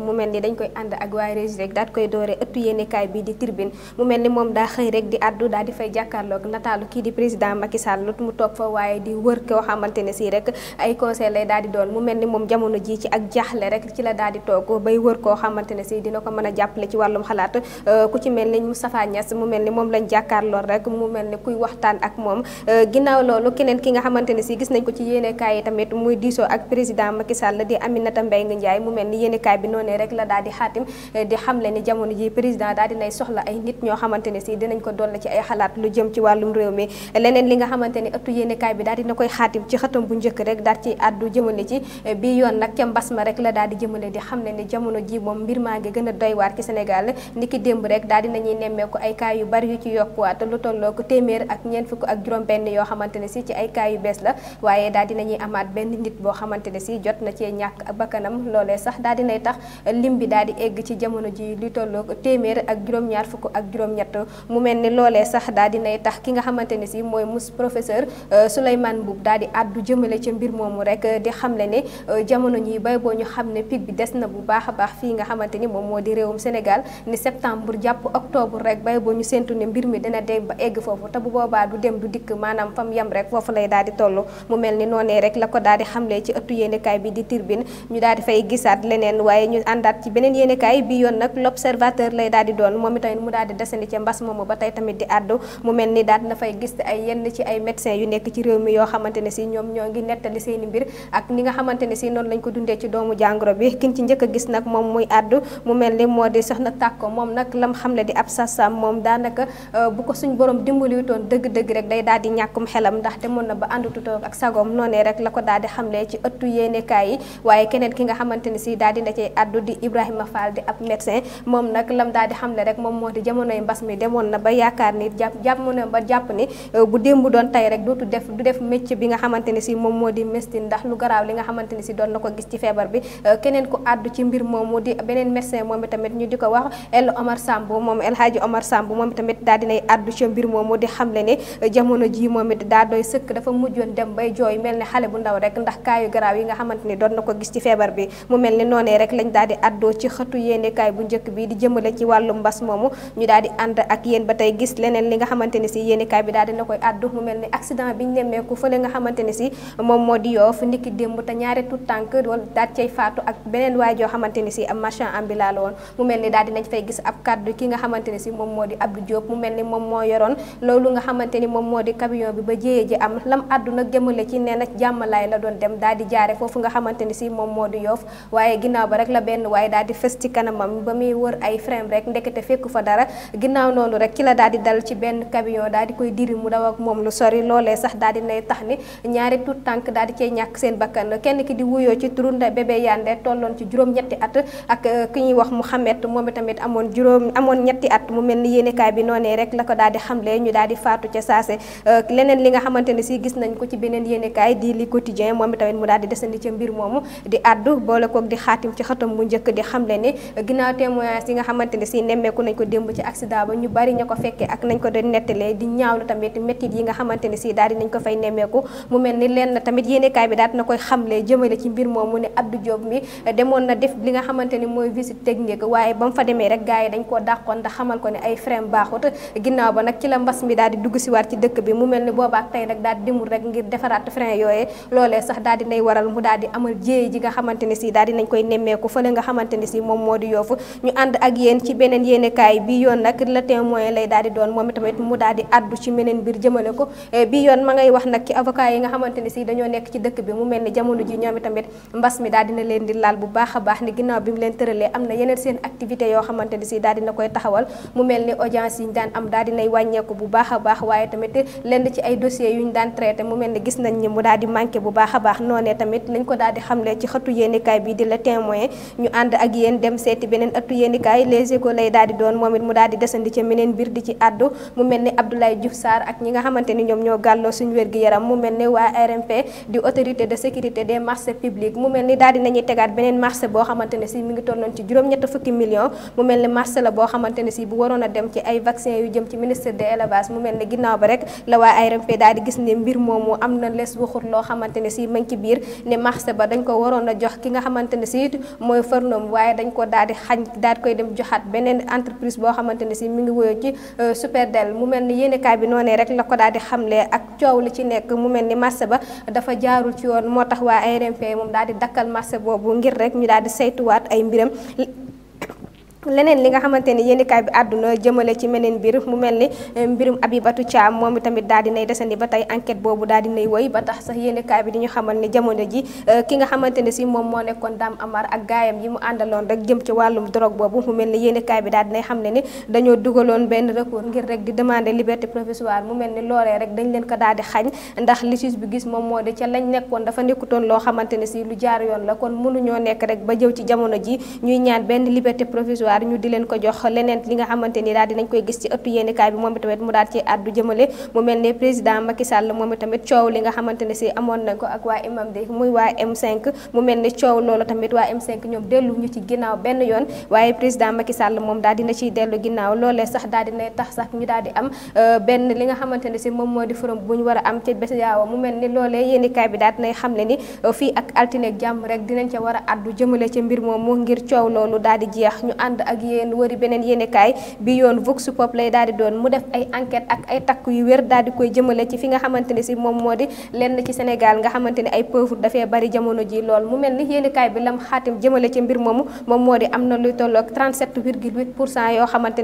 mu mel ni dañ koy ànd ak waaye Régie rek daal di koy dooree ëttu yéenekaay bii di tribune mu mel ni moom daa xëy rek di addu daa di fay jàkkaarloog nataalu kii di président Macky Sall lut mu toog fa waaye di wër ne si rek ay conseil daal di doon mu mel ni moom jamono ji ak jaaxle rek ci la daal di toog bay wër koo xamante ne si dina ko mën a jàppale ci wàllum xalaat euh, ku ci mel ni Moustapha Niass mu mel ni moom lañ jàkkaarlool rek mu mel ni kuy waxtaan ak moom euh, ginnaaw loolu keneen ki nga xamante ne si gis nañ ko ci yéenekaay yi tamit muy diisoo ak président Macky Sall di Aminata Mbengue Ndiaye mu mel ni yéenekaay bi noonu ne rek la daal di xaatim eh, di xamle ni jamono ji président daal dinay soxla ay nit ñoo xamante ne si dinañ ko doon la ci ay xalaat lu jëm ci wàllum réew mi leneen li nga xamante ni ëttu yéenekaay bi daal dina koy xaatim ci xëtam bu njëkk rek daal ci addu jëmale ci eh, bii yoon nag ca ma rek la daal di jëmale di xam ne ni jamono ji moom mbir maa ngi gën a doy waar ci Sénégal niki démb rek daal dinañuy nemmeeku ay cas yu bari yu ci yokkuwaat lu tolloo ko téeméer ak ñeent fukk ak juróom benn yoo xamante ne si ci ay cas yu bees la waaye daal dinañuy amaat benn nit boo xamante ne si jot na cee ñàkk bakkanam loolee sax daal dinay tax lim bi daal di egg ci jamono ji lu tolloog téeméer ak juróom-ñaar fukk ak juróom-ñett mu mel ni loolee sax daal di nay tax ki nga xamante ne si mooy mus professeur euh, Souleymane Mboup daal di àddu jëmale ci mbir moomu rek euh, di xamle ne euh, jamono ñi bay boo ñu xam ne pic bi des na bu baax a baax fii nga xamante ni moom moo di réewum Sénégal ni septembre jàpp octobre rek bay boo ñu séntu ne mbir mi dana dem ba egg foofu te bu boobaa du dem du dikk maanaam fam yam rek foofu lay daal di toll mu mel ni noonee rek la ko daal di xamle ci ëttu yéenekaay bi di Tribune ñu daal di fay gisaat leneen waaye ñu ñu àndaat ci beneen yéenekaay bi yoon nag l'observateur lay daal di doon moom itamit mu daal di desandi ca mbas moomu ba tey tamit di àddu mu mel ni daal na fay gis ay yenn ci ay ne si ñoom ñoo ngi a gis nag moom muy àddu mu mel ni moo di soxna tàkko moom nag lam xam di ab sasam moom daanaka euh, bu ko suñ borom dimbaliwutoon dëgg-dëgg rek day daal di ñàkkum xelam ndax te demoon na ba àndututoo ak sagom noonee rek la ko daal di xamle ci ëttu yéenekaay yi waaye keneen ki nga xamante si daal di na kàddu di Ibrahima Fall di ab médecin moom nag lam daal di xamle rek moom moo di jamonoy mbas mi demoon na ba yaakaar ni jàpp jàpp ba jàpp ni euh, bu démb doon tey rek dootu def du def métier bi nga xamante ne si moom moo di médecine ndax lu garaaw li nga xamante ne si doon na ko gis ci feebar bi euh, keneen ku àddu ci mbir moomu di beneen médecin moom tamit ñu di ko wax El Omar Samb moom El Hadji Omar Samb moom tamit daal dinay àddu ci mbir moomu di xamle ne euh, jamono ji moom it daa doy sëkk dafa mujjoon dem bay jooy mel ne xale bu ndaw rek ndax kaayu garaaw yi nga xamante ni doon na ko gis ci feebar bi mu mel ni noonee rek lañ daal di àddoo ci xëtu yéenekaay bu njëkk bi di jëmale ci wàllu mbas moomu ñu daal di ànd ak ba tey gis leneen li nga xamante ne si yéenekaay bi daal dina koy àddu mu mel ni accident bi ñu nemmeeku fële xamante ne si moom moo di yoof ndiki démb te ñaari tout tànk wala daal cay faatu ak beneen waay joo xamante ne si am marchand ambulant la woon mu mel ni daal dinañ fay gis ab kaddu ki nga xamante ne si moom moo di Abdou Diop mu mel ni moom moo yoroon loolu nga xamante ni moom moo di camion bi ba jéyee ji am lam àddu nag jëmale ci nee na jàmmalaay la doon dem daal di jaare foofu nga xamante ne si moom moo di yoof waaye ginnaaw ba rek la benn waaye daal di fës ci kanamam ba muy wër ay frein rek ndekete fekku fa dara ginnaaw noonu rek ci la daal di dal ci benn camion daal di koy diri mu daw ak moom lu di nay tax ni ñaari tuut tànk daal di cay ñàkk seen bakkan kenn ki di wuyoo ci turu bébé yande tolloon ci juróom-ñetti at ak euh, ki ñuy wax Mouhamed moom itamit amoon juróom amoon ñetti at mu mel ni yéenekaay bi noonee rek la ko daal di xamle ñu daal di faatu ca saase euh, leneen li nga xamante ne si gis nañ ko ci beneen yéenekaay di li daal di desandi ca mbir moomu di addu boole koog di xaatim ci xatam mu njëkk di xamle ne ginnaaw témoignage yi nga xamante si nemmeeku nañ ko démb ci accident ba ñu bari ña ko fekkee ak nañ ko doon nettalee di ñaawlu tamit méttit yi nga xamante ne si daal di nañ ko ni leen na tamit yéenekaay bi daal na koy xamle jëmale ci mbir moom mu ne ko ne ay frein ba nag la mbas mi daal di dugg si waat ci dëkk bi mu mel ni boobaa tey nag daal di demul rek ngir defaraat frein yooyee loolee sax daal di waral mu daal amal jéey ji nga xamante si daal di nañ koy nemmeeku fële foofu nga xamante ni si moom moo di yoofu ñu ànd ak yéen ci beneen yéenekaay bi yoon nag le témoin lay daal di doon moom itamit mu daal di addu ci meneen mbir jëmale ko eh, bi yoon ma ngay wax nag ci avocat yi nga xamante ni si dañoo nekk ci dëkk bi mu mel ni jamono ji ñoom itamit mbas mi daal dina leen di bu baax baax ni ginnaaw bi mu leen tëralee am na yeneen seen activité yoo xamante ni si daal dina koy mu mel ni audience yi ñu daan am daal dinay wàññeeku bu baax a baax waaye tamit lenn ci ay dossiers yu ñu daan traité mu mel ni gis nañ ni mu daal di manqué bu baax a baax noonee tamit lañ ko daal di xamle ci xëtu yéenekaay bii di la témoin ñu ànd ak yéen dem seeti beneen ëttu yéenikaay Les Échos lay doon moom it mu daal desandi ca meneen biir di ci àddu mu mel ni Abdoulaye Diouf ak ñi nga xamante ñoom ñoo gàlloo suñu wér gi yaram mu mel ni waa RMP di autorité de sécurité des marchés publics mu mel ni daal di nañuy tegaat beneen marché boo la boo xamante ne bu waroon a dem ci ay vaccin yu jëm ci ministre de l'élevage mu mel ni ginnaaw ba rek la waa ARMP daal di gis ne mbir moomu am na les waxut Farnum waaye dañ ko daal di xañ daal di koy dem joxaat beneen entreprise boo xamante ne si mi ngi woyoo ci euh, Superdel mu mel ni yéenekaay bi noonee rek la ko daal di xamle ak coow li ci nekk mu mel ni marché ba dafa jaarul ci yoon moo tax waa ARMP moom daal di dakkal marché boobu ngir rek ñu daal di saytuwaat ay mbiram. leneen li nga xamante ni yéenikaay bi àdduna jëmale ci meneen mbir mu mel ni eh, mbirum Abibatou Thiam moom i tamit daal dinay ni ba tey enquête boobu daal dinay woy ba tax sax yéenikaay bi di ñu xamal ni jamono ji eh, ki nga xamante ne si moom moo nekkoon Dame Amar ak gaayam yi mu àndaloon rek jëm ci wàllum drogue boobu mu mel ni yéenikaay bi daal dinay xam ne dañoo dugaloon benn recours ngir rek di demande liberté provisoire mu mel ni loolee rek dañ leen ko daal di xañ ndax li juge gis moom moo di ca lañ nekkoon dafa nekkutoon loo xamante ne si lu jaar yoon la kon mënuñoo nekk rek ba jëw ci jamono ji ñuy waar leen jox leneen li nga xamante ni daal dinañ koy gis ci ëttu yéenekaay bi moom itamit mu daal ci addu jëmale mu mel ne président Macky Sall moom itamit coow li nga xamante ne si amoon nañ ko ak waa imam de m mu mel ne coow loolu tamit waa M5 ñoom dellu ñu ci ginnaaw benn yoon waaye président Macky Sall moom daal dina ciy dellu ginnaaw loolee sax daal dina tax sax ñu daal di am euh, benn li nga xamante ne si moom moo di forum bu ñu war a am ci bés yaawa mu mel ni loolee yéenekaay bi daal dinay xam ne ni euh, fii ak altine ak jàmm rek dinañ ca war a addu jëmale ci mbir moomu ngir coow loolu daal di jeex ñu ànd ànd ak yéen wëri beneen yéenekaay bi yoon Vox Pop lay daal doon mu def ay enquête ak ay takk yu wér daal koy jëmale ci fi nga xamante si moom moo di lenn ci Sénégal nga xamante ni ay pauvre dafee bi lam moo di am na luy tolloog 37 virgule 8 pour cent yoo xamante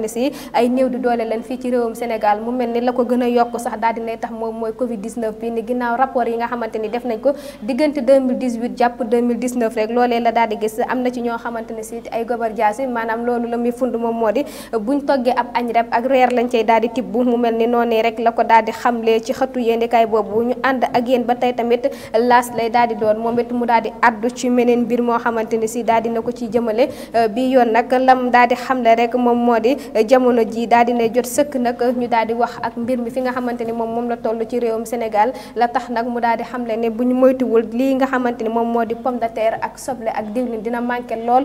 néew di doole leen fii ci réewum Sénégal mu mel ni la ko gën a yokk sax daal dinay tax moom mooy Covid 19 bi ni ginnaaw rapport yi nga xamante def nañ ko diggante 2018 jàpp 2019 rek loolee la daal gis am na ci ñoo xamante si ay gobar jaasi maanaam loolu la muy fund moom moo di buñ toggee ab añ rek ak reer lañ cay daal di tibb mu mel ni noonu rek la ko daal di xamlee ci xëtu yéenekaay boobu ñu ànd ak yéen ba tey tamit laas lay daal di doon moom it mu daal di addu ci meneen mbir moo xamante ni si daal dina ko ci jëmale euh, bi yoon nag lam daal di xamle rek moom moo di jamono ji daal dina jot sëkk nag ñu daal di wax ak mbir mi fi nga xamante ni moom moom la toll ci réewum Sénégal la tax nag mu daal di xamle ne bu ñu moytuwul lii nga xamante ni moom moo di pomme de terre ak soble ak diwlin dina manqué lool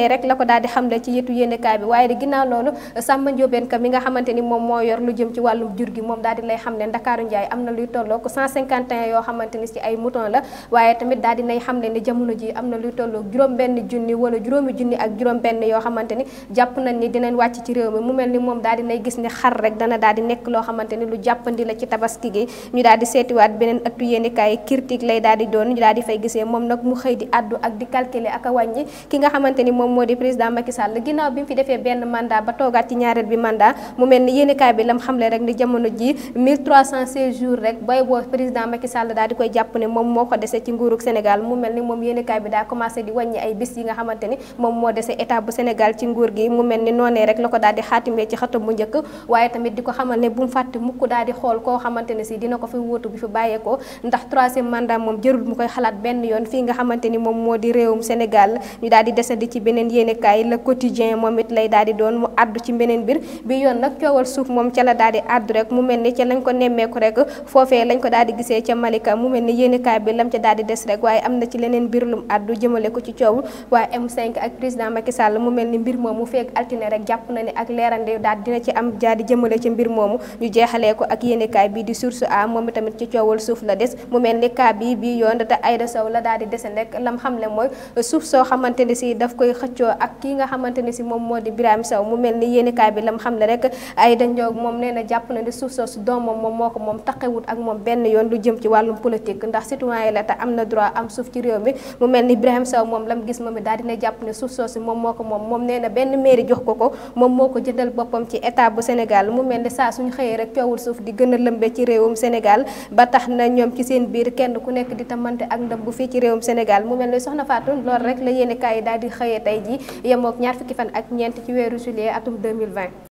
daanee rek la ko daal di xamle ci yetu yéenekaay bi waaye di ginnaaw loolu Samba Ndiobène Ka mi nga xamante ni moom moo yor lu jëm ci wàllum jur gi moom daal di lay xam ne Ndakaaru Njaay am na luy tolloog 151 yoo xamante ni ci ay mouton la waaye tamit daal di nay xam ne ni jamono ji am na luy tolloog juróom benn junni wala juróomi junni ak juróom benn yoo xamante ni jàpp nañ ni dinañ wàcc ci réew mi mu mel ni moom daal di nay gis ni xar rek dana daal di nekk loo xamante ni lu jàppandi la ci tabaski gi ñu daal di seetiwaat beneen ëttu yéenekaay critique lay daal di doon ñu daal di fay gisee moom nag mu xëy di addu ak di calculer ak a wàññi ki moom moo di président Macky Sall ginnaaw bi mu fi defee benn mandat ba toogaat ci ñaareel bi mandat moom moo ko dese ci nguurug Sénégal moom moo dese état bu Sénégal ci nguur gi mu mel ni noonee rek la ko daal di xaatimee ci xatam bu njëkk waaye tamit di ko xamal ne bu mu fàtte mukk daal xool koo xamante si dina ko fi wóotu bi fi bàyyeekoo ndax troisième mandat moom jërul mu koy xalaat benn yoon fii nga xamante ni moom moo di réewum Sénégal ñu daal di ci beneen beneen yéenekaay le quotidien moom it lay daal mu addu ci beneen mbir bi yoon nag coowal suuf moom ca la daal mu mel ni ca lañ mu mel ni yéenekaay bi na ci leneen mbir lum addu jëmale ko M5 moomu feek altine rek jàpp na ne ak leerande daal dina ci am daal di jëmale ci mbir moomu ñu jeexalee ko ak yéenekaay bi di su a moom tamit ci coowal suuf la des mu mel ni cas bi bii yoon te Aïda Sow la daal di desen rek lam xamle mooy suuf soo xamante ne si daf koy xëcc xëccoo ak kii nga xamante ni si moom moo di Birame Sow mu mel ni yéenekaay bi lam xam ne rek ay dañoo moom nee na jàpp na ne suuf soosu doomam moom moo ko moom taqewut ak moom benn yoon lu jëm ci wàllum politique ndax citoyen yi la am na droit am suuf ci réew mi mu mel ni Birame Sow moom lam gis moom it daal dina jàpp ne suuf soosu moom moo ko moom moom nee na benn mairie jox ko ko moom moo ko jëndal boppam ci état bu senegal mu mel ni saa suñu xëyee rek coowul suuf di gën a lëmbee ci réewum Sénégal ba tax na ñoom ci seen biir kenn ku nekk di tamante ak ndam bu fii ci réewum Sénégal mu mel ni soxna Fatou loolu rek la yéenekaay yi daal di xëyee tey jii yemook ñaar fukki fan ak ñeent ci weeru juillet atum 2020